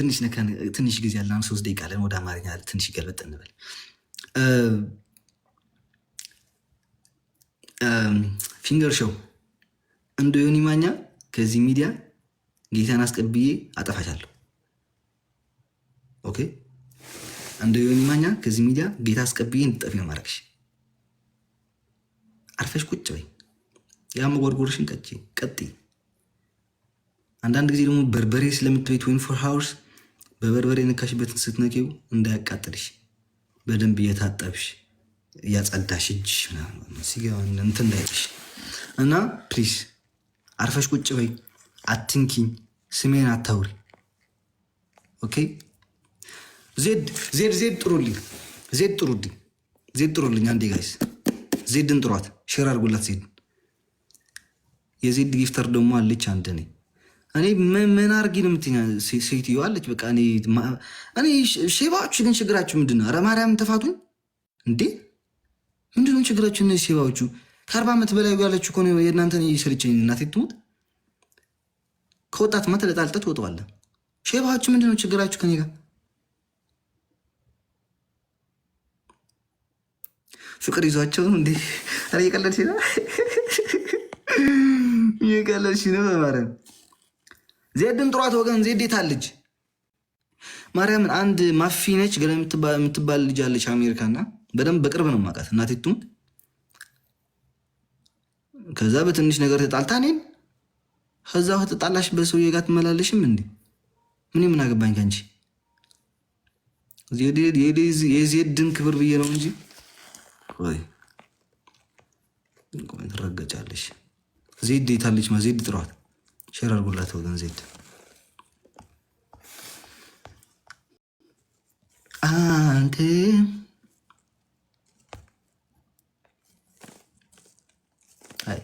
ትንሽ ጊዜ ያለን ሶስት ደቂቃ ለን ወደ አማርኛ ትንሽ ይገልበጥ እንበል። ፊንገር ሾው እንደ ዮኒ ማኛ ከዚህ ሚዲያ ጌታን አስቀብዬ አጠፋሻለሁ። ኦኬ እንደ ዮኒ ማኛ ከዚህ ሚዲያ ጌታ አስቀብዬ እንድጠፊ ነው ማድረግሽ። አርፈሽ ቁጭ በይ። ያ መጎርጎርሽን ቀጭ ቀጥ አንዳንድ ጊዜ ደግሞ በርበሬ ስለምትበይት ወይም ፎር ሃውርስ በበርበሬ የነካሽበትን ስትነቂው እንዳያቃጥልሽ በደንብ እየታጠብሽ እያጸዳሽ እጅሽ ሲገባ እንትን እንዳይጥሽ እና ፕሊስ አርፈሽ ቁጭ በይ። አትንኪኝ፣ ስሜን አታውሪ። ኦኬ ዜድ ዜድ ዜድ ጥሩልኝ፣ ዜድ ጥሩልኝ፣ ዜድ ጥሩልኝ። አንዴ ጋይስ ዜድን ጥሯት፣ ሽር አድርጉላት ዜድን። የዜድ ጊፍተር ደግሞ አለች አንድ ነኝ እኔ ምን አርጊ ነው የምትኛ ሴትዮ አለች። በቃ እኔ ሼባዎቹ ግን ችግራችሁ ምንድን ነው? ኧረ ማርያም ተፋቱኝ እንዴ! ምንድን ነው ችግራችሁ? እነዚህ ሼባዎቹ ከአርባ ዓመት በላይ ያለችው ከሆነ የእናንተ የሰለቸኝ እናቴ ትሙት። ከወጣት ከወጣትማ ተለጣልጠት ወጠዋለ። ሼባዎቹ ምንድን ነው ችግራችሁ ከኔ ጋር? ፍቅር ይዟቸው ነው እንዴ? ኧረ እየቀለድሽ ነው፣ እየቀለድሽ ነው በማርያም ዜድን ጥሯት ወገን። ዜድ አለች? ማርያምን አንድ ማፊ ነች ገለ የምትባል ልጅ አለች አሜሪካና፣ በደንብ በቅርብ ነው ማቃት እናቴቱም። ከዛ በትንሽ ነገር ተጣልታ እኔን ከዛ ተጣላሽ በሰውዬ ጋር ትመላለሽም እንዴ? ምን ምን አገባኝ የዜድን ክብር ብዬ ነው እንጂ ረገጫለሽ። ዜድ የታለች? ዜድ ጥሯት ሼር አድርጉላት ወገን ዜድ አንተ አይ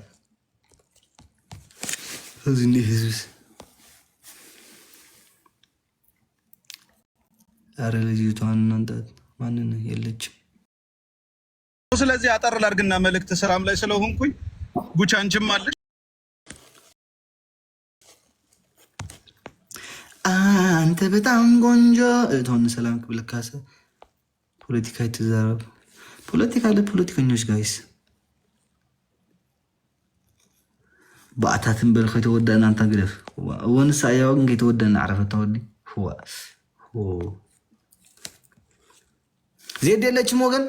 እዚህ እንዲህ ህዝብስ አረ ልጅቷን እናንጣት ማንን የለችም። ስለዚህ አጠር ላድርግና መልእክት ስራም ላይ ስለሆንኩኝ ጉቻ አንቺም አለሽ አንተ በጣም ቆንጆ እህቷን ሰላም ክብለካሰ ፖለቲካ የተዘረብ ፖለቲካ ለፖለቲከኞች ጋይስ በአታትን በልከ የተወደአን አንታ ግደፍ ወንስ ኣያዋግን የተወደ ዓረፈት ተወዲ ዜድ የለችም ወገን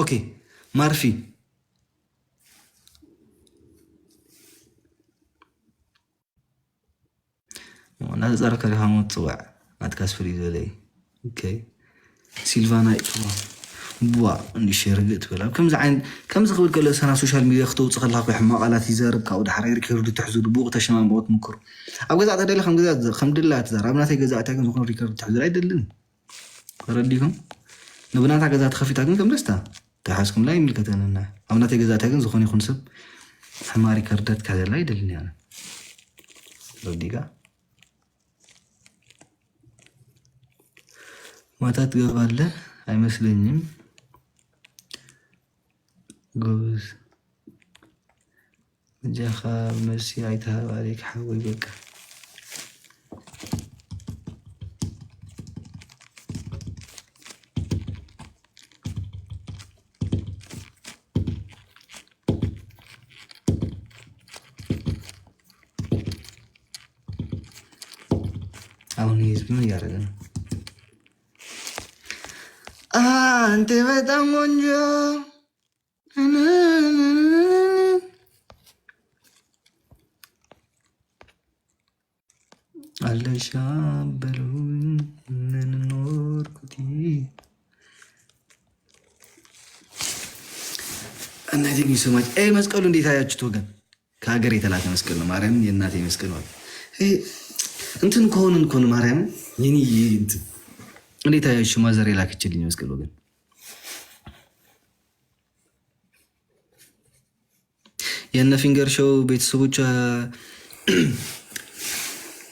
ኦኬ ማርፊ ናተፃረከ ሪሃሞ ፅዋዕ ኣትካስ ፍልዩ ዘለ ሲልቫና ይፅዋ ብዋ እንዲሸርግእ ትብል ከምዚ ክብል ከሎ ሰና ሶሻል ሚድያ ክተውፅእ ከለካ ኮይ ሕማቕ ቃላት ይዘርብ ካብኡ ዳሕራ ሪከርዱ ትሕዙ ድቡቕ ተሸማምቆ ትምክሩ ኣብ ገዛእታ ደለ ከም ድላ ትዛር ኣብ ናተይ ገዛእታ ከም ዝኾኑ ሪከርዱ ትሕዙ ኣይደልን ረዲኩም ንብናታ ገዛእቲ ከፊታ ግን ከም ደስታ ተሓስኩም ላይ ይምልከተንና ኣብ ናተይ ገዛእታ ግን ዝኾነ ይኹን ሰብ ሕማሪ ከርደት ካዘላ ይደልን ያነ ረዲጋ ማታ ትገባለ አይመስለኝም። ጎበዝ እጃኻ መሲ ኣይተሃባለይ ክሓወይ በቃ አሁን ህዝብ ምን እያደረገ ነው? አንተ በጣም ቆንጆ አለሻ በሉኝ እንኖርኩት እና መስቀሉ እንዴት አያችሁት ወገን? ከሀገር የተላከ መስቀል ነው። ማርያም የእናቴ መስቀል ነው። እንትን ከሆንን እንኮን ማርያም ይህን እንዴት አያሽ ማዘር የላክችልኝ መስቀል ወገን የነ ፊንገር ሾው ቤተሰቦቿ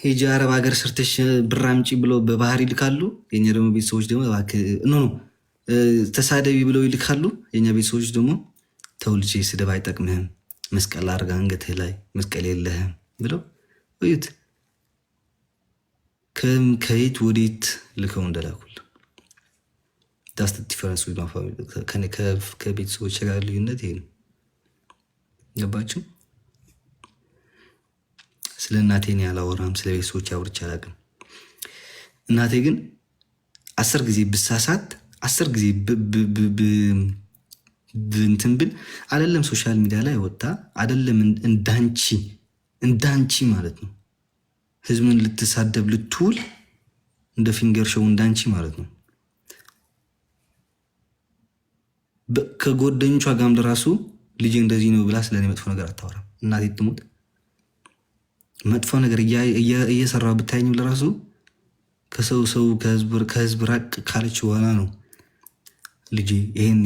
ሄጂ አረብ ሀገር ስርተሽ ብር አምጪ ብለው በባህር ይልካሉ። የኛ ደግሞ ቤተሰቦች ደግሞ ኖ ተሳደቢ ብለው ይልካሉ። የኛ ቤተሰቦች ደግሞ ተው ልጄ ስድብ አይጠቅምህም መስቀል አድርጋ አንገትህ ላይ መስቀል የለህም ብለው እዩት። ከየት ወዴት ልከው እንደላኩል ዳስ ዲፈረንስ ከቤተሰቦች ጋር ልዩነት ይሄ ነው። ገባችሁ? ስለ እናቴን ያላወራም ስለ ቤተሰቦች አውርቼ አላውቅም። እናቴ ግን አስር ጊዜ ብሳሳት አስር ጊዜ ብንትን ብል አይደለም ሶሻል ሚዲያ ላይ ወጣ አይደለም እንዳንቺ እንዳንቺ ማለት ነው ህዝብን ልትሳደብ ልትውል እንደ ፊንገር ሸው እንዳንቺ ማለት ነው። ከጎደኞቿ ጋም ለራሱ ልጅ እንደዚህ ነው ብላ ስለኔ መጥፎ ነገር አታወራም። እናቴ ትሙት መጥፎ ነገር እየሰራ ብታየኝም ለራሱ ከሰው ሰው ከህዝብ ራቅ ካለች በኋላ ነው ልጅ ይህን